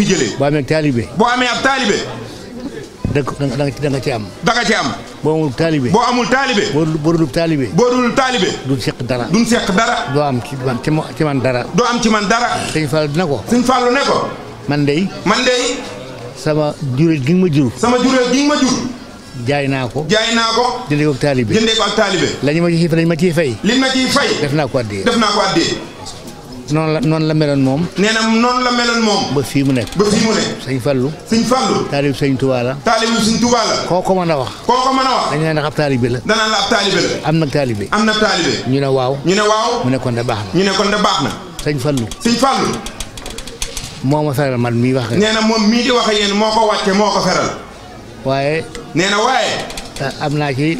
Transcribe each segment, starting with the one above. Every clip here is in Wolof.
fi jëlee. boo amee ak taalibe. boo amee ak taalibe. da da nga ci am. da nga ci am. boo amul taalibe. boo amul taalibe. boo dul taalibe. boo dul taalibe. duñ seq dara. duñ seq dara. doo am ci man ci man dara. doo am ci man dara. sëñ Fallou dina ko. sëñ Fallou ne ko. man dey. man dey. sama jureel gi nga ma jur. sama jureel gi nga ma jur. jaay naa ko. jaay naa ko. jëndee ko ak taalibe. jëndee ko ak taalibe. la ñu ma ciy fay. li ma ciy fay. def naa ko addee. def naa ko addee. noonu la noonu la meloon moom. nee noonu la meloon moom. ba fii mu nekk. ba fii mu nekk. sëñ Fallou. sëñ Fallou. taalib sëñ Touba taalib sëñ Touba la. koo ko mën a wax. koo ko mën a wax. bi naan ab taalibe la. danaan la ab taalibe la. am nag taalibe. am na ñu ne waaw. ñu ne waaw. mu ne kon da baax na. ñu ne kon da baax na. sëñ Fallou. sëñ Fallou. moo ma feral man mii wax. nee moom mii di wax ak yéen moo ko wàcce moo ko feral. waaye. nee waaye. am naa ci.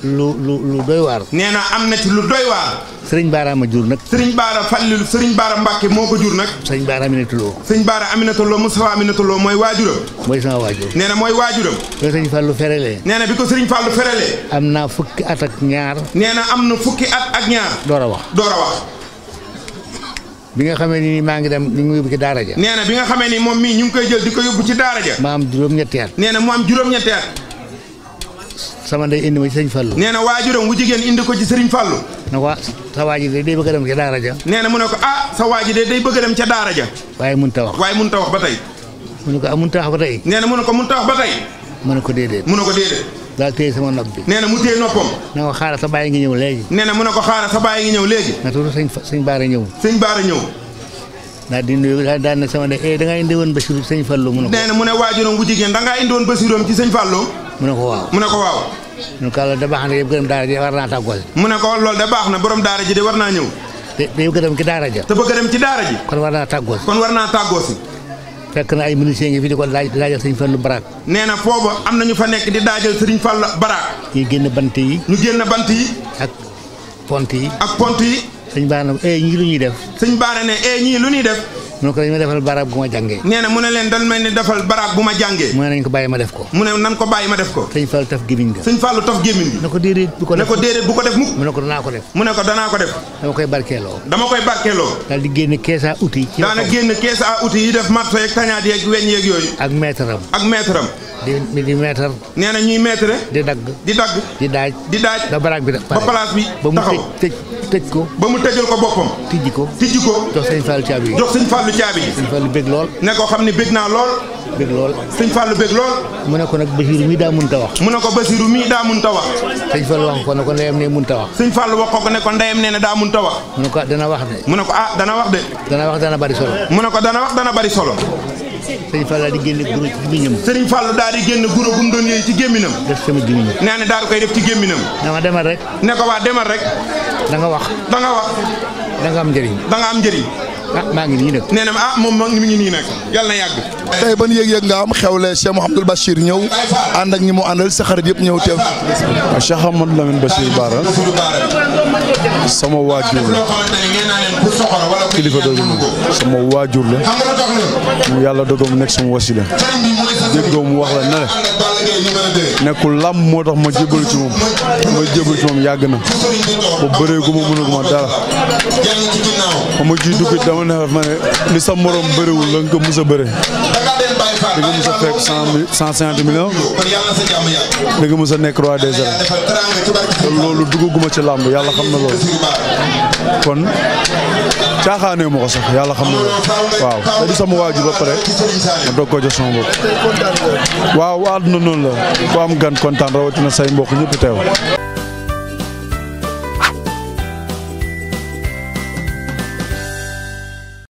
lu lu lu doy waar. nee na am na ci lu doy waar. Serigne Baara ma jur nag. Serigne Baara Fallilu Serigne Baara Mbacke moo ko jur nag. Serigne Baara Aminata Lo. Serigne Baara Aminata Lo Moustapha Aminata Lo mooy waajuram. mooy sama waajur. nee na mooy waajuram. bi ko Serigne lu ferelee. nee na bi ko Serigne Fallou ferelee. am naa fukki at ak ñaar. nee na am na fukki at ak ñaar. door a wax door a wax. bi nga xamee ni maa ngi dem ñu ngi yóbbu ci daara ja. nee na bi nga xamee ni moom mii ñu ngi koy jël di ko yóbbu ci daara ja. ma am juróom-ñetti at. nee na mu am sama ndey indi ma ci sëriñ Fallou nee na waajuram wu jigéen indi ko ci sëriñ Fallou na ko sa waaji de day bëgg a dem ca na ko ah sa waaji day bëgg dem ca daara ja waaye mun ta wax waaye mun ta ba tey mu ne ko ah ta wax ba tey nee na mu ne ko mun ta ba tey ko déedéet mu ne ko déedéet daal sama nopp bi nee na mu téye noppam na ko xaara sa ngi ñëw léegi nee na mu ne ko xaara sa ngi ñëw léegi na tuuti sëñ sëñ ñëw sëñ baara ñëw daal di nuyu daal ne sama de eh da ngaa indi na mu ne waajuram wu jigéen da indi woon Basiram ci sëñ Fallou mu a ko waaw mu a ko waaw mu ko loolu da baax na yëpp gërëm daara ji war naa tàggoo mu ne ko loolu da baax na borom daara ji de war naa ñëw te bëgg a dem ci daara ja te bëgg a dem ci daara ji kon war naa tàggoo si kon war naa tàggoo si fekk na ay ministres ngi fi di ko laaj laajal sëñ Fallu baraak nee na foofu am na ñu fa nekk di daajal sëriñ Fallu baraak ñu génn bant yi ñu génn bant yi ak pont yi ak pont yi sëñ Baana ne eh, ñii lu ñuy def sëñ Baana ne eh, ñii lu ñuy def mu ne ko dañ ma defal barab bu ma jàngee nee na mu ne leen dañ ma ne defal barab bu ma jàngee mu ne nañ ko bàyyi ma def ko mu ne nan ko bàyyi ma def ko sëñ Fallou taf gémmiñ ga sëñ Fallou taf gémmiñ bi ne ko déedéet bu ko def ne ko déedéet bu ko def mukk mu ne ko danaa ko def mu ne ko danaa ko def dama koy barkeeloo dama koy barkeeloo daal di génn kees à outils daana génn kees à outils yi def marto yeeg tañaat yeeg weñ yeeg yooyu ak maître am ak maître am di di mètre. nee na ñuy mètre. di dagg. di dagg. di daaj. di daaj ba baraag bi ba place bi taxaw ba mu tëj tëj ko. ba mu tëjal ko boppam. tijji ko tijji ko. jox sëñ Fallou caabi yi. jox sëñ Fallou caabi yi. sëñ Fallou bég lool. ne ko xam ne bég naa lool. bég lool sëñ Fallou bég lool. mu ne ko nag Basiru mii daa mënta wax. mu ne ko Basiru daa mënta wax. sëñ Fallou wax ko ne ko ndeyam nee mënta wax. sëñ Fallou wax ko ko ne ko ndeyam nee ne daa mënta wax. mu ne ko ah, dana wax de. mu ne ko ah dana wax de. dana wax dana mu ne ko dana wax dana bari solo. sëriñ Fall daal di génne guro ci gémmiñam sëriñ Fall daal di génne guro bu mu doon yooyu ci gémmiñam def sama gémmiñam nee na daal koy def ci gémmiñam dama demal rek ne ko waa demal rek danga wax da nga wax da am njëriñ da am njëriñ ah maa ngi nii nag. nee ah, moom mi ngi nii nag yàlla na yàgg. tey ban yëg-yëg nga am xewle Cheikh Mouhamadul ñëw ànd ak ñi mu àndal sa xarit yëpp ñëw teew. waaw ah, Cheikh Amadou Lamine Bachir Baara sama waajur la kilifa dogal sama waajur la mu yàlla dogal mu nekk sama wasila déggoo mu wax la ne la nekkul làmb moo tax ma jébalu ci moom ma jébalu ci moom yàgg na ba bëree gu ma mënaguma dara ba ma ciy dugg dama ne ma ne li sa morom bëriwul la nga ko mës a bëre da nga mës a fekk cent mës a nekk roi des arènes loolu duggaguma ci làmb yàlla xam na loolu kon. caaxaanee ma ko sax yàlla xam na waaw te di sama waajur ba pare ma doog koo jox sama bopp waaw àdduna noonu la ku am gan kontaan rawatina say mbokk ñëpp teew